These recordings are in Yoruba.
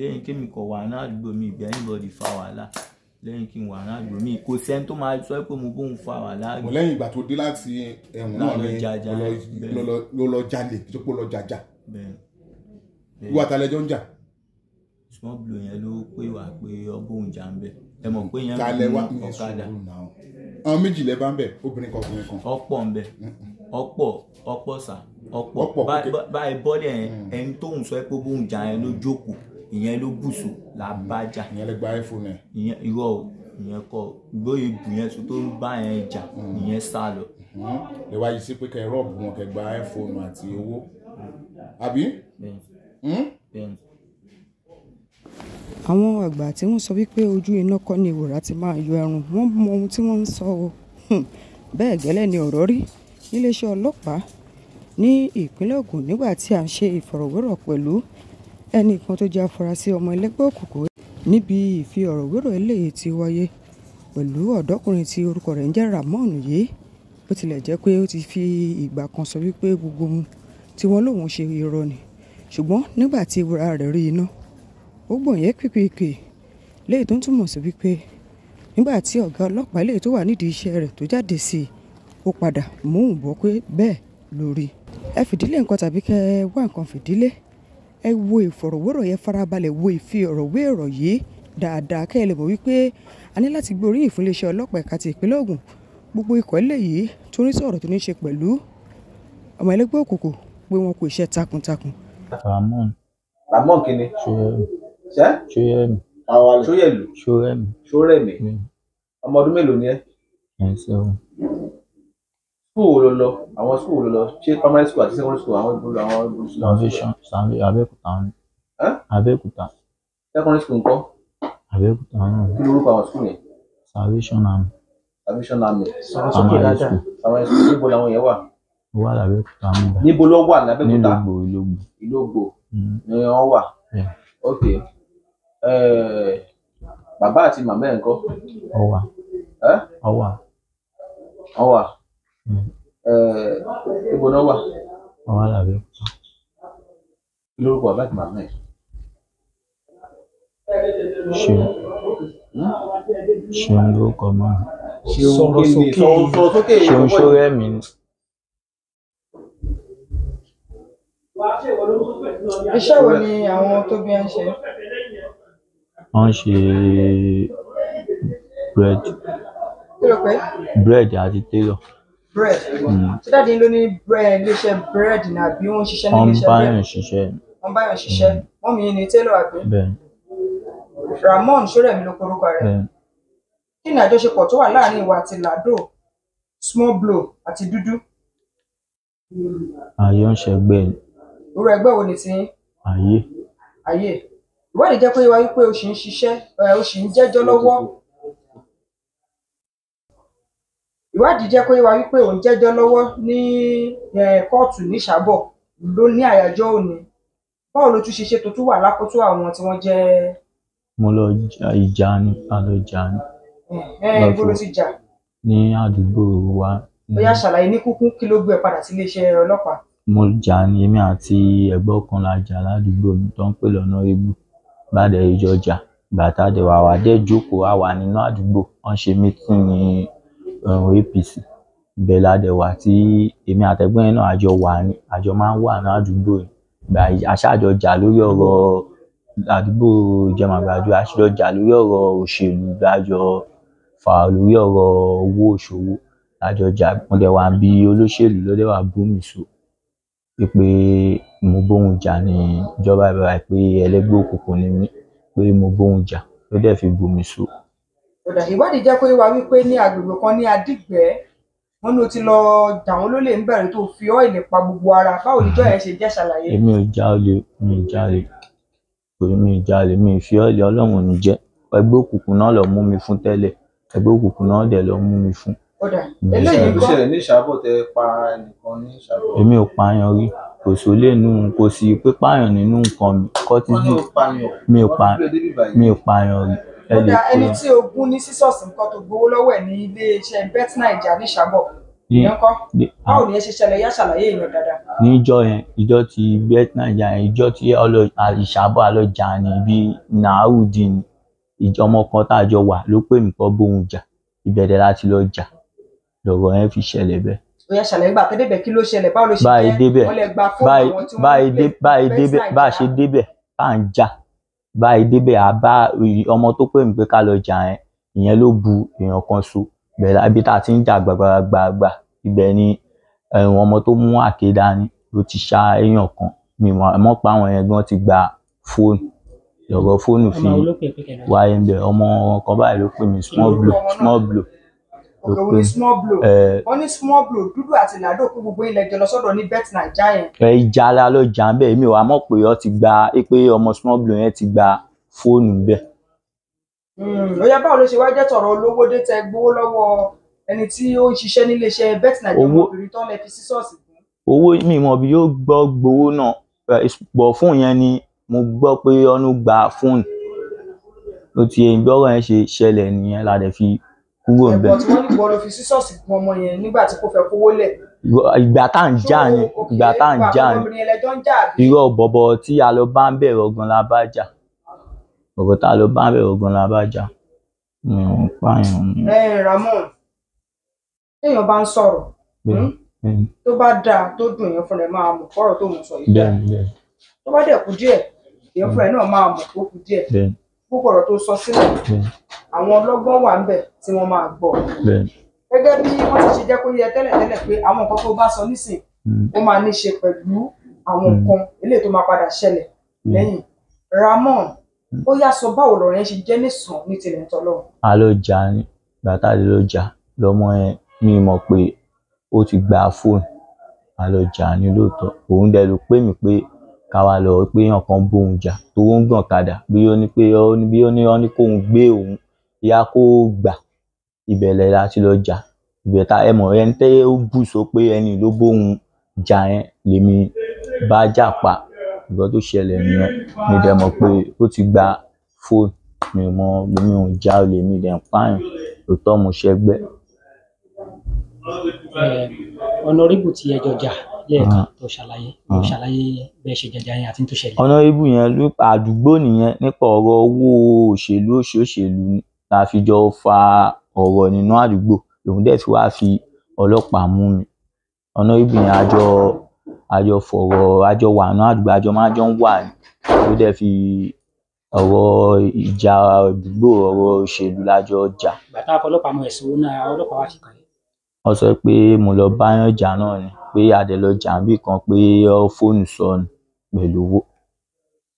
lẹ́yìn kémi kọ̀ wà náà àdúgbò mi ìbí anybody fa wàhálà lẹ́yìn kí n wà náà àdúgbò mi kò sẹ́ni tó máa sọ pé mo bóun fa wàhálà. mo lẹ́yìn ìgbà tó dé láti ẹ̀wọ̀n náà ni ló lọ jalè tó pọ̀ lọ jàjà ìwà àtàlẹ́jọ́ ń jà. small blow yẹn ló pé wà pé ọgbóhùn jà ń bẹ́ẹ̀ ẹ mọ̀ pé yẹn ń mú ọ̀kadà. àwọn méjì lẹ bá ń bẹ obìnrin kan obìnrin kan. ọ̀pọ̀ ń bẹ ọ̀pọ̀ ọ̀pọ̀ sà ọ̀pọ̀ báyìí bọ́ọ̀lì mm. ẹni tóun sọ pé bóun jà yẹn ló jókòó ìyẹn ló bùsù làbájà ìyẹn lè gba iphone ẹ ìyẹn irọ́ o ìyẹn kọ gbóyè bù yẹn tó ń bá yẹn jà hmm. ìyẹn sá lọ. ẹ hmm. wá yìí sí pé kẹ rọ́ọ̀bù wọn kẹ gba iphone àti owó àbí. Hmm? àwọn àgbà tí wọ́n sọ wípé ojú iná kọ́ ni ìwòrà ti máa yọ ẹrun wọ́n mọ ohun tí wọ́n ń sọ o bẹ́ẹ̀ gẹ́lẹ́ ni ọ̀rọ̀ rí níléeṣẹ́ ọlọ́pàá ní ìpínlẹ̀ Ògùn nígbà tí à ń ṣe ìfọ̀rọ̀wérọ̀ pẹ̀lú ẹnìkan tó jẹ́ afurasí ọmọ ẹlẹ́gbẹ́ òkùnkùn níbi ìfi ọ̀rọ̀ wérò eléyìí ti wáyé pẹ̀lú ọ̀dọ́kùnrin tí orúkọ rẹ̀ ń jẹ́ Ramon yìí bó tilẹ̀ jẹ́ pé ó ti fi ìgbà kan sọ wípé gbogbo ohun tí wọ́n lòun ṣe irọ́ ni ṣùgbọ́n nígbà tí ìwúra rẹ̀ rí iná ó gbòǹyẹ́ kìkìkì léyìí tó ń túmọ̀ sí wípé nígbà tí ọ̀gá ọlọ́pàá léyìí tó wà nídìí iṣẹ́ rẹ̀ tó jáde sí i ó padà mú un bọ́ pé bẹ́ẹ̀ lórí ẹ fìdílé nǹkan tàbí kẹ́ wá nǹkan fìdílé ẹ wo ìfọ̀rọ̀wérọ̀ yẹn farabalẹ̀ wo ìfi ọ̀rọ̀ wé ọ̀rọ̀ yìí dáadáa kẹ́ ẹ lè mọ̀ wípé a ní láti gbé oríyìn fún iléeṣẹ́ ọlọ́pàá ẹ̀ka ti ìpínlẹ̀ Ògùn gbogbo ikọ̀ eléyìí tó ní sọ̀rọ̀ tó ní ṣe pẹ̀lú ọmọ ẹlẹ́gbẹ́ òkùnkùn pé wọn kò iṣẹ́ takuntakun. Ramon. Ramon kini. Ṣóyẹmí. Ṣé? Ṣóyẹmí. Àwàlẹ̀. Ṣóyẹlú. Ṣórẹmí. Ṣórẹmí. ọmọ ọdún mélòó ni ẹ? Ẹ school wo ló lọ àwọn school wo ló lọ ṣé primary school àti secondary school àwọn ìbúlọ àwọn ìbúlọ school. salvation sanvi abẹ́òkúta ni. abẹ́òkúta. secondary school ńkọ́. abẹ́òkúta náà. kí lorúkọ àwọn school yẹn. salvation army. salvation army. primary school. primary school níbo làwọn yẹn wà. wà lábẹ́òkúta mi. níbo ló wà lábẹ́òkúta. nílògbò ìlògbò. ìlògbò hmm. ni wọ́n wà. ok bàbá àti màmá ẹ̀ ńkọ́. ọwà. ọwà. ọwà. Eh, ibo náà wà. àwọn aláàbẹ̀ kúta. lórúkọ abáàtì mohammed. ṣeun ṣeun lórúkọ máa. sọ̀rọ̀ sókè ṣeun sórí ẹ̀mí ni. iṣẹ́ wo ni àwọn tó bí ń ṣe? wọ́n ṣe búrẹ́dì búrẹ́dì àti télọ̀ bread tí hmm. dáàdi ló ní iléeṣẹ́ bread ni àbí wọ́n ṣiṣẹ́ ní iléeṣẹ́ bread wọ́n báyọ̀ ṣiṣẹ́ wọ́n báyọ̀ ṣiṣẹ́ wọ́n hmm. mi ní tailor àbí Ramon Ṣórẹ̀mí ló korúkọ rẹ̀ kí ni àjọṣepọ̀ tó wà láàrin ìwà àti Lado small blow àti dúdú. ayé ń ṣẹgbẹ́ ẹ̀. irú ẹgbẹ́ wo ni ti yín. ayé. ayé ìwádìí jẹ́ pé wáyé pé o ṣì ń ṣiṣẹ́ o ṣì ń jẹ́jọ́ lọ́wọ́ ìwádìí jẹ́ kó yé wa wípé òun jẹ́jọ́ lọ́wọ́ ní kóòtù ní Ìsàbọ̀ ló ní àyájọ́ òní báwo ló tún ṣe ṣe tó tún wà lákòótó àwọn tí wọ́n jẹ́. mo lọ ìjà ni a lọ jà ni. ẹ ẹ ibo ló ti jà. ní àdúgbò wa. bóyá ṣàlàyé ní kúkún kí ló gbé ẹ padà sí iléeṣẹ́ ọlọ́pàá. mo jà ni èmi àti ẹ̀gbọ́n kan la jà ládùúgbò mi tó ń pè lọ́nà ibù bàdẹ ìjọ jà gbàtà dẹwà wà dé jókòó àwa nínú àdúgbò wọ́n ṣe mítìn ní Eh, APC ibẹ̀ la dẹ̀ wà tí èmi àtẹ̀gbọ́n yẹn náà àjọ wà ní àjọ máa ń wà ní àdúgbò yìí gbà aṣáájọ jà lórí ọ̀rọ̀ àdúgbò ìjẹmàgbàdo aṣáájọ jà lórí ọ̀rọ̀ òṣèlú lájọ fà lórí ọ̀rọ̀ owó ìṣòwò lájọ jà mo dẹ̀ wà bí olóṣèlú lọ́dẹ̀ wà bómi so pé mo bóun jà ní ìjọba ìbára pé ẹlẹ́gbẹ́ òkùnkùn ni mí pé mo bóun jà ló fi bómi ọ̀dà ìwádìí jẹ́ kó yé wa wípé ní agbègbè kan ní Adigbe wọ́n ní o ti lọ jà wọ́n lólè ń bẹ̀rẹ̀ tó fi ọ́ìlì pa gbogbo ara báwo níjọ́ yẹn ṣe jẹ́ ṣàlàyé. èmi ò jalè mi ò jalè mi ò jalè mi ò fi ọ́ìlì ọlọ́run ní jẹ́ ẹgbẹ́ òkùnkùn náà lọ mú mi fún tẹ́lẹ̀ ẹgbẹ́ òkùnkùn náà dẹ̀ lọ mú mi fún. pa nìkan ní ìṣàbọ̀. èmi ò pààyàn rí kò sólè nù kò sí pípààyàn nínú nǹkan mi kọ́tíjú mi ò pààyàn rí kódà ẹni tí ogún ní sísọ̀sì nǹkan tó gbowó lọ́wọ́ ẹ̀ ní iléeṣẹ́ bet naija ní Ìṣàbọ̀ ìyẹn kọ́ báwo ni ẹ ṣe ṣẹlẹ̀ yá ṣàlàyé ìyẹn dáadáa. níjọ yẹn ìjọ ti bet naija yẹn ìjọ tí Ìṣàbọ̀ alọ́jà ni bíi nahudin ìjọ ọmọ kan tá a jọ wà ló pè mí kọ́ bóun jà ìbẹ̀rẹ̀ láti lọ jà lọ́rọ̀ yẹn fi ṣẹlẹ̀ bẹ́ẹ̀ bóyá ṣàlàyé gbà tẹ́lẹ̀ bẹ̀ kí ló ṣẹlẹ̀ báwo ló ṣe jẹ́ wọ́n lè gba fóònù àwọn tí wọ́n ń pè báyìí débẹ̀ bá a ṣe débẹ̀ bá a ń jà báyìí débẹ̀ a bá ọmọ tó pè mí pé ká lọ jà yẹn ìyẹn ló bu èèyàn kan so bẹ̀rẹ̀ ibi tá a ti ń jà gbàgbàgbàgbà ibẹ̀ ni ẹ̀wọ̀n ọmọ tó mú àké dání ló ti ṣá èèyàn kan mi mọ̀ pa àwọn yẹn gan ti gba fóònù ọ̀rọ̀ fóònù fi wáyé ń bẹ̀ ọmọ kan báyìí ló pè mí small blow small blow òkè òní small blow ó eh, ní small blow dúdú àti ìlàdó kú gbogbo ilẹ̀ jọ lọ sọ́dọ̀ ní bet naija yẹn. ẹ ìjà ara ló jà ń bẹ́ẹ̀ mi ò wá mọ̀ pé ọ ti gba pé ọmọ small blow yẹn ti gba fóònù bẹ́ẹ̀. Hmm, ó yá báwo ló ṣe wá jẹ́ tọ̀rọ̀ olówó dé tẹ gbowó lọ́wọ́ ẹni tí ó ń ṣiṣẹ́ níléeṣẹ́ bet naija ọmọbìnrin tó ń lẹ fi sí ṣọ́ọ̀ṣì fún. owó mi mọ bí yóò gbọ́ gbowó náà bọ̀ eh, fóònù yẹn ni mo gbọ́ pé ọnú gba fóònù ó kúrò ń bẹ. ẹ̀kọ́ tí wọ́n ní bọ́ọ̀lù fi sísọ́ọ̀sì gun ọmọ yẹn nígbà tí kò fẹ́ kówó lẹ̀. ìgbà tá à ń jà ni ìgbà tá à ń jà ni irọ́ bọ̀bọ̀ tí a lọ bá ń bẹ̀rẹ̀ ọgbọ̀n la bá jà bọ̀bọ̀ tá a lọ bá ń bẹ̀rẹ̀ ọgbọ̀n la bá jà. ẹ Ramon téèyàn bá ń sọ̀rọ̀ hmm, tó bá dáa tó dùn yẹn fúnra ẹ máa mọ̀ fọ́rọ̀ tó mọ̀ sọ yìí dáa tó bá dẹ̀ kú díẹ̀ yẹn fúnra ẹ náà máa mọ̀ púpọ̀ ọ̀rọ̀ tó sọ sílẹ̀ àwọn ọlọ́gbọ́n wà ń bẹ̀ tí wọ́n máa gbọ́ gẹ́gẹ́ bí wọ́n ti ṣe jẹ́ kó yẹ tẹ́lẹ̀tẹ́lẹ̀ pé àwọn nǹkan tó bá sọ nísìn hmm. ó máa ní ṣe pẹ̀lú àwọn hmm. nǹkan eléyìí tó máa padà ṣẹlẹ̀ hmm. lẹ́yìn Ramon ó yá sọ báwo lọ̀rọ̀ yẹn ṣe jẹ́ nìsàn ní tilẹ̀ tọ́lọ́. a ló jà ní gbàtàdé ló jà lọmọ yẹn mi mọ̀ pé ó ti gba fóònù a ló jà ní lóòótọ́ òun dẹ̀ ló pè mí pé káwa lọ pé èèyàn kan bóun jà tó ń gbọ̀n kadà bí ó ní pé bí ó ní ọ́n ní kóun gbé òun ìyá kó gbà ìbẹ̀lẹ̀ la ti lọ jà ìbẹ̀ ẹ mọ̀ ẹni tẹ́ ó bù sọ pé ẹni ló bóun jà yẹn lèmi bá jà pa ìgbọ́ tó ṣẹlẹ̀ nìyẹn mi dẹ̀ mọ̀ pé ó ti gba fóònù mi mọ mi ò já olè mi dẹ̀ ń pààyàn lóòótọ́ mo ṣẹgbẹ́ ọ̀nàrẹ́bù ti ẹjọ́ jà lẹ́ẹ̀kan ah. tó ṣàlàyé tó ah. ṣàlàyé bẹ́ẹ̀ ṣe jẹjà yẹn àti tó ṣẹlẹ̀. ọ̀nàrẹ́bù yẹn ló àdúgbò nìyẹn nípa ọ̀rọ̀ owó òṣèlú òṣèlú la fi jọ fa ọ̀rọ̀ nínú àdúgbò lòun dẹ̀ fi wá fi ọlọ́pàá mú mi ọ̀nàrẹ́bù yẹn àjọ àjọ fọ̀rọ̀ àjọ wà náà àdúgbò àjọ máa jọ ń wà ní ló dẹ̀ fi ọ̀rọ̀ ìjà àdúgbò ọ̀rọ̀ òṣèlú lájọ jà. bàtà ọlọ́pàá mọ ẹ̀sùn náà ọlọ́pàá ti kàn wọ́n sọ pé mo lọ báyàn jà náà ni pé adẹ lọ jà níbì kan pé ọ fóònù sọnù pẹ̀lú owó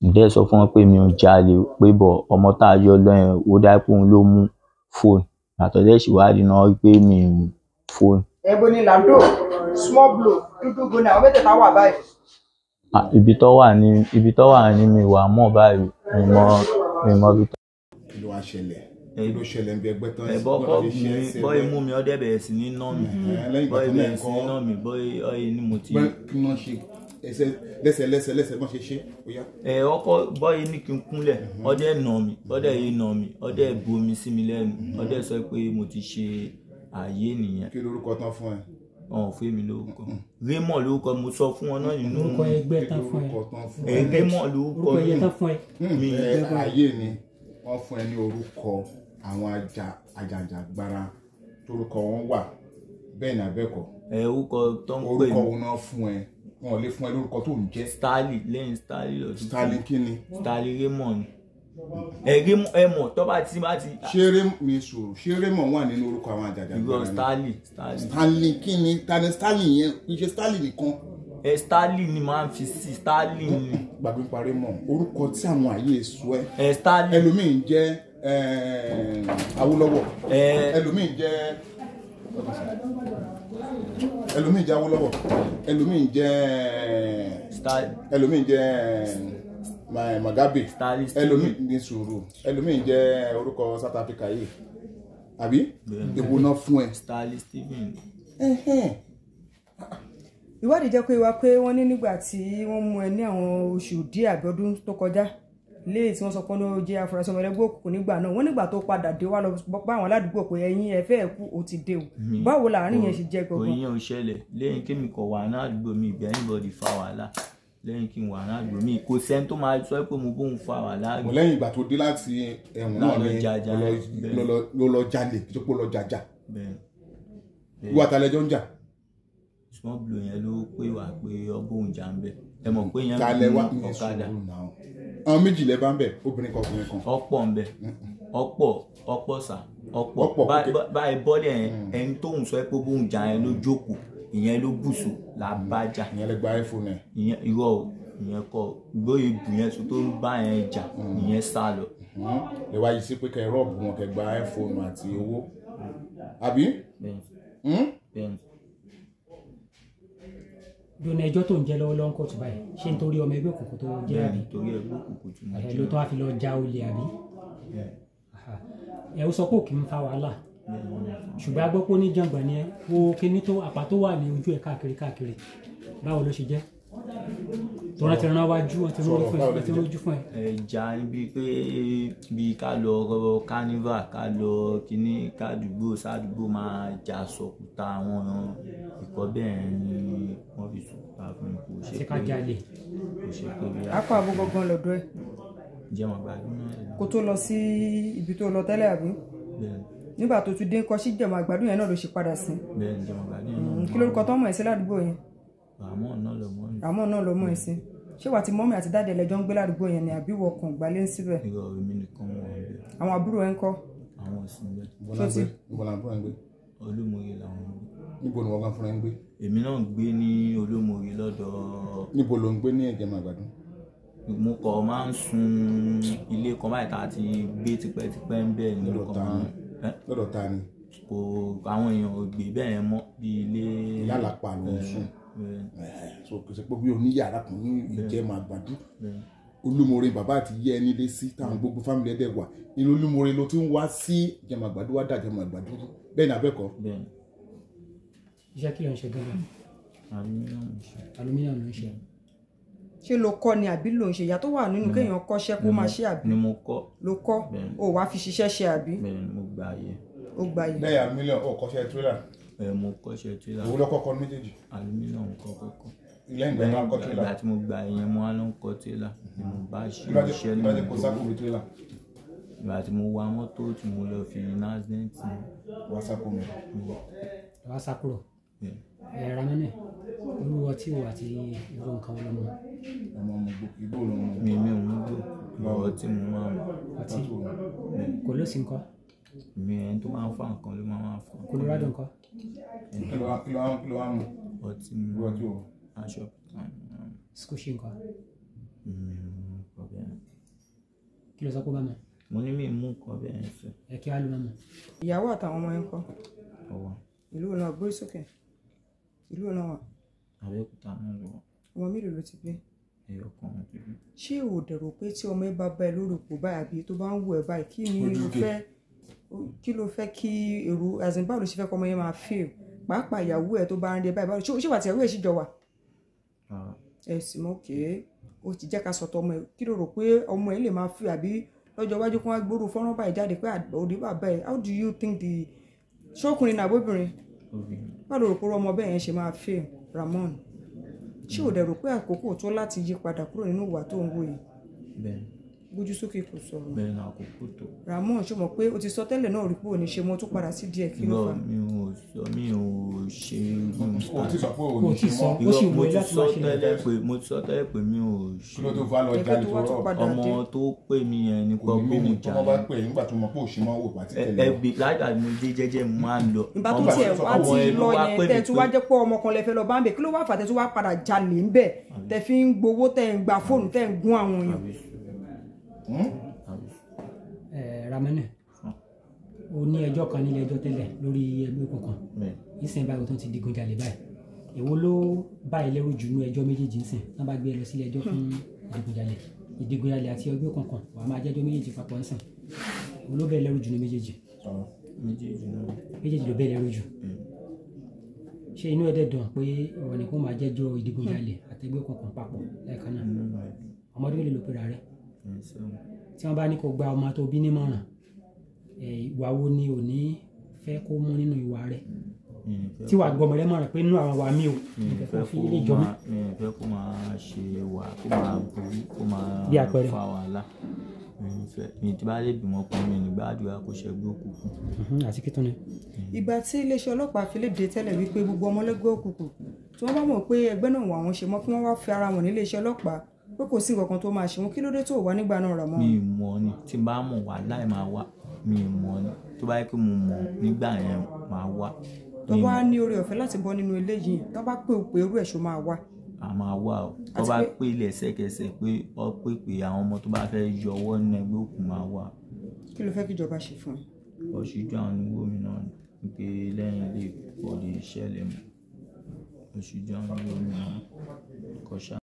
ǹdẹ́ sọ fún wọn pé mi ò jalè pé bọ̀ ọmọ tá a yọ lọ́yẹn ó dá pé òun ló mú fóònù àtọ́jọ́ ìṣèwádìí náà pé mi ò fóònù. ẹ̀bùn ni lando small blow dúdú gbóná àwọn mẹ́tẹ̀ẹ̀ta wà báyìí. ibi tó wà ní ibi tó wà ní mi wà mọ́ báyìí mi mọ mi mọ ibi tó. kí ló wá ṣẹlẹ̀ kí ló ṣẹlẹ̀ níbi ẹgbẹ́ tán sí bọ́ọ̀ fi ṣe é ṣe bọ́ọ̀ imú mi ọdẹ bẹ̀rẹ̀ sí ní mm-hmm. ná mi bọ́ọ̀ bẹ̀rẹ̀ sí ní ná mi bọ́ọ̀ ọyẹ ni mo ti. kí wọ́n ṣe ẹsẹ̀ lẹ́sẹ̀ lẹ́sẹ̀ lẹ́sẹ̀ bọ́ọ̀ ṣe ṣe óyá. ẹ ọkọ bọ́ọ̀ ní kí n kúnlẹ̀ ọdẹ mm-hmm. nà mí ọdẹ yìí nà mí ọdẹ mm-hmm. bomi sí mi lẹ́nu ọdẹ sọ pé mo ti ṣe àyè nìyẹn. kí lorúkọ tán fún ẹ. ọ̀hún fún mi lórúkọ rémọ̀ lórúkọ mo sọ fún ọ náà nínú. orúkọ ẹgbẹ́ tán fún ẹ. rémọ̀ lórúkọ mi. orúkọ ẹgbẹ́ fún ẹ. Mm, mi àyè ni wọ́n fún ẹ ní orúkọ àwọn ajàjàgbara torúkọ wọn wà bẹ́ẹ̀ ni abẹ́kọ̀. ẹ orúkọ tó ń pè mí orúkọ wọn náà fún ẹ wọn ò lè fún ẹ lórúkọ tó ń jẹ. Stanley lẹ́yìn Stanley lọ sí. Stanley kí ni. Stanley Raymond ẹ Raymond ẹ mọ̀ tó bá ti bá ti. ṣé Raymond mi sòrò ṣé Raymond wà nínú orúkọ àwọn ajàjàgbara ni. ìwọ Stanley Stanley. Stanley kí ni tani Stanley yẹn kì í ṣe Stanley nìkan ẹ Stanley ni máa fi sí Stanley ni. gbàgbé parí mọ orúkọ tí àwọn àyè sọ ẹ ẹlòmíín jẹ Eh, Awólọ́wọ̀ eh. ẹlòmíì jẹ́ ẹlòmíì jẹ́ Awólọ́wọ̀ ẹlòmíì jẹ́ ẹlòmíì jẹ́ Mugabe ẹlòmíì ní sùúrù ẹlòmíì jẹ́ orúkọ South Africa yìí àbí èwo náà fún ẹ. ìwádìí jẹ́ pé wá pé wọ́n ní nígbà tí wọ́n mú ẹ ní àwọn oṣù díẹ̀ àgbọ̀dún tó kọjá léyìí tí wọ́n sọ pé ó jẹ́ afurasí ọmọ ẹlẹ́gbẹ́ òkùnkùn nígbà náà wọ́n nígbà tó padà dé wá lọ bá àwọn aládùúgbò pé ẹ̀yin ẹ fẹ́ kú ó ti dé o mm-hmm. báwo làárín yẹn ṣe jẹ́ gbogbo. òyìn ò ṣẹlẹ̀ lẹ́yìn kí mi kọ̀ wà náà àdúgbò mi ìbí anybody fa wàhálà lẹ́yìn kí n wà náà àdúgbò mi kò sẹ́ni tó máa sọ pé mo bóun fa wàhálà. lẹ́yìn ìgbà tó dé láti ẹ̀wọ̀n náà ni ló lọ jalè tó pọ̀ lọ jàjà ìwà àtàlẹ́jọ́ ń jà ẹ mọ̀ pé yẹn ń mú ọ̀kadà. àwọn méjì lẹ bá ń bẹ obìnrin kan obìnrin kan. ọ̀pọ̀ ń bẹ ọ̀pọ̀ ọ̀pọ̀ sà ọ̀pọ̀ báyìí bọ́lẹ̀ yẹn mm. ẹni tóun sọ pé bóun jà yẹn ló jókòó ìyẹn ló bùsù làbájà. Mm. ìyẹn lè gba iphone ẹ. ìyẹn ìyẹn kọ gbóyè bù yẹn tó ń bá yẹn jà mm. ìyẹn sá lọ. Mm-hmm. ẹ yìí sí pé kẹ rọ́ọ̀bù wọn kẹ gba iphone àti owó àbí. bẹ́ẹ̀ni dùnà ẹjọ́ tó ń jẹ́ lọ́wọ́ lọ́nkọ̀ tó báyìí ṣé nítorí ọmọ ẹgbẹ́ òkùnkùn tó jẹ́ àbí torí ẹgbẹ́ òkùnkùn tó jẹ́ àbí ló tó wá fi lọ ja olè àbí ẹ ó sọ pé òkè ń fa wàhálà ṣùgbọ́n agbọ́ pé ni ẹ wo kíní tó àpá tó wà ní ojú ẹ̀ káàkiri káàkiri báwo ló ṣe jẹ́ tó láti ràn wájú àti lórí fún ẹ àti lójú fún ẹ. ẹja níbi pé bí ká lọ kánífà ká lọ kíní kádùgbò sádùgbò máa jà sọkùtà àwọn ìkọ́ bẹ́ẹ̀ ni wọ́n fi sọkùtà fún mi kò ṣe pé kò ṣe pé bí a. akọ àbúkọ gan lọdọ ẹ. ǹjẹ́ wọn gbàgbé náà. kó tó lọ sí ibi tó lọ tẹ́lẹ̀ àbí. nígbà tó tún dé kọ́ sí jẹ̀mọ̀ àgbàdo yẹn náà ló ṣe padà sí. bẹ́ẹ̀ jẹ̀mọ̀ àgbàdo yẹn náà. kí lórúkọ tó mọ̀ ẹ́ sí ládùúgbò yẹn. àmọ́ náà lọ mọ̀ ẹ́ sí ṣé wàá ti mọ́mí àti dáadé ẹlẹ́jọ́ ń gbé ládùúgbò yẹn ni àbí wọ́n kàn gbálé ń síbẹ̀. irọ́ èmi nìkan wọ̀ ọ́ bẹ́ẹ̀. àwọn àbúrò ẹ̀ ń kọ́. àwọn ọ̀sìn ń gbé bọ́lá ń gbé. olúmọye làwọn ń gbé. níbo ni wọ́n bá fúnra ń gbé. èmi náà ń gbé ní olúmọye lọ́dọ̀. níbo ló ń gbé ní ẹ̀jẹ̀ màgbàdún. mo kọ̀ máa ń sun ilé kan báyìí tá a ti gbé tipẹ́tipẹ́ ń bẹ́ẹ̀ ní lọ́dọ̀ ta ni. kò so kò sí pé bí oníyàrá kan ní ìjẹ́ máa gbàdú olúmọre bàbá àti yẹ ẹni lé sí táwọn gbogbo fámìlì ẹdẹ wà inú olúmọre ló ti ń wá sí ìjẹmọ àgbàdo wá dà ìjẹmọ àgbàdo bẹ́ẹ̀ ni abẹkọ. iṣẹ́ kí ló ń ṣe gánà aluminium ló ń ṣe. ṣé ló kọ́ ni àbí ló ń ṣe ìyá tó wà nínú kéèyàn kọ́ṣẹ́ kó máa ṣe àbí ló kọ́ ò wá fi ṣiṣẹ́ ṣe àbí. bẹ́ẹ̀ ni mo gbà yẹ. ó gbà yẹ. lẹ́yà ẹ mo kọ́ṣẹ́ tírélà. owó lọ́kọ̀ọ́kọ́ méjèèjì. aluminium kọ́kọ́ kọ́. ilé ìgbà máa ń kọ́ tírélà. ìgbà tí mo gba ìyẹn mo wá ló ń kọ́ tírélà ni mo bá ṣe iṣẹ́ náà lọ́wọ́ ìgbà tí mo wa mọ́tò tí mo lọ fi nazenti. wasakuro. wasakuro. ẹ̀rọ mi náà tí o àti irú nǹkan wọn lọ́mọ. ọmọ ọmọ igbó lọ́mọ. mi mi ò ń gbó ọtí mo máa mọ. ọtí kò lóṣìǹkan mi ẹni tó máa ń fa nǹkan ló máa máa fa nǹkan. Colorado nǹkan. kí ló wá mú. ọtí mi ọtí o. aṣọ pìtàn. Squishy nǹkan. kí ló sọ pé ó bá mọ̀. mo ní mi mú nǹkan bẹ́ẹ̀ ń sọ. ẹ kí wàá ló máa mọ̀. ìyàwó àtàwọn ọmọ yẹn kọ. ọwọ. ìlú náà gbórí sókè ìlú náà wà. Abẹ́òkúta náà lọ. ọmọ mélòó ló ti gbé ṣé ìwò dẹ̀rọ pé tí ọmọ ẹ bá bá ẹ lórí ipò báyìí àbí tó bá ń wù ẹ báyìí kí ni irúfẹ́ kí ló fẹ́ kí èrò azin báwo ló ṣe fẹ́ kọ́ ọmọ yẹn máa feel pàápàá ìyàwó ẹ̀ tó bá ń dé báyìí báwo ṣé wàá ti ìyàwó ẹ̀ ṣì jọ wà. Ah. ẹ sì mọ òkè ó ti jẹ́ ká sọ̀tọ̀ ọmọ ẹ̀ kí ló rò pé ọmọ ẹ̀ lè máa feel àbí lọ́jọ́ iwájú kó wá gbóòrò fọ́nrán báyìí jáde pé òde bàbá ẹ̀ how do you think the ṣókùnrin náà bóbìnrin báwo ló rò pé ọmọ gbójú sókè kò sọ̀rọ̀ bẹ́ẹ̀ náà kò kò tó. Ramon ṣe mọ̀ pé o ti sọ tẹ́lẹ̀ náà rí pé òní ṣe mọ́ tó padà sí díẹ̀ kí ló fà. mi ò sọ mi ò ṣe irú nǹkan. o ti sọ pé òní ṣe mọ́. o sì wọ láti máa ṣe lẹ́yìn pé mo ti sọ tẹ́lẹ̀ pé mi ò ṣe. kí ló tó fà lọ jalè tó rọ. ọmọ tó pè mí yẹn ni kò gbé mi jalè. ọmọ bá pè é nígbà tó mọ pé òṣì máa wò bá ti ẹbí láìka mi dé jẹ́jẹ́ máa ń lọ. ìgbà tiẹ̀ wá ti lọ yẹn tẹ̀ tó wá jẹ́ pọ̀ ọmọ Hmm? Ramani hmm. o ní ẹjọ́ kan nílé ẹjọ́ tẹ́lẹ̀ lórí ẹgbẹ́ òkùnkùn ìsìn báyìí tó ti digunjalè báyìí èwo ló bá ẹ lẹ́rù jù ní ẹjọ́ méjèèjì ń sìn tán bá gbé ẹ lọ sílé ẹjọ́ fún ìdigunjalè ìdigunjalè àti ẹgbẹ́ òkùnkùn wàá máa jẹ́jọ́ méjèèjì papọ̀ ń sìn èwo ló bá ẹ lẹ́rù jù ní méjèèjì méjèèjì ló bá ẹ lẹ́rù jù hmm. ṣé inú ẹ dẹ̀dùn pé ìwọ nìkan máa jẹ́jọ́ ìdigunjalè àtẹgbẹ́ òkùnkùn papọ̀ lẹ́ẹ̀kan náà ọmọdé mélòó ló pera rẹ̀ tí wọ́n bá ní kó gba ọmọ tó bí nímọ̀ràn ìwà wo ni ò ní fẹ́ kó mú nínú ìwà rẹ̀ tí wàá gbọmọ rẹ mọ̀ràn pé nínú àwọn àwa mi ò nífẹ̀ẹ́ fi ilé jọ mí. nífẹ̀ẹ́ kó máa ṣe wà kó máa borí kó máa fa wàhálà mi bá lè bímọ ọkùnrin mi nígbàdúrà kó ṣẹgbẹ́ òkùnkùn. Mhm, àti kí tún ni. ìgbà tí iléeṣẹ́ ọlọ́pàá fi léde tẹ́lẹ̀ wípé gbogbo ọmọlẹ́gbẹ́ òkùnkùn tí wọ́n bá mọ̀ pé ẹgbẹ́ náà wà wọ́n ṣe mọ́ kí wọ́n wá fi ara wọn ní ọlọ́pàá pé kò sí nǹkan tó máa ṣe wọn kí ló dé tó wà nígbà náà Ramon. mi ì mọ̀ ni tí n bá mọ̀ wá láì máa wá mi ì mọ̀ ni tó bá yẹ kí mo mọ̀ nígbà yẹn máa wá. tó bá ní oore ọ̀fẹ́ láti bọ́ nínú eléyìí tó bá pé òpè irú ẹ̀ ṣó máa wá. a máa wá o tó bá pé lẹ́sẹ̀kẹsẹ̀ pé ọ pé pé àwọn ọmọ tó bá fẹ́ yọ ọwọ́ nínú ẹgbẹ́ òkun máa wá. kí ló fẹ́ kíjọba ṣe fún ẹ. ọ̀ṣíjú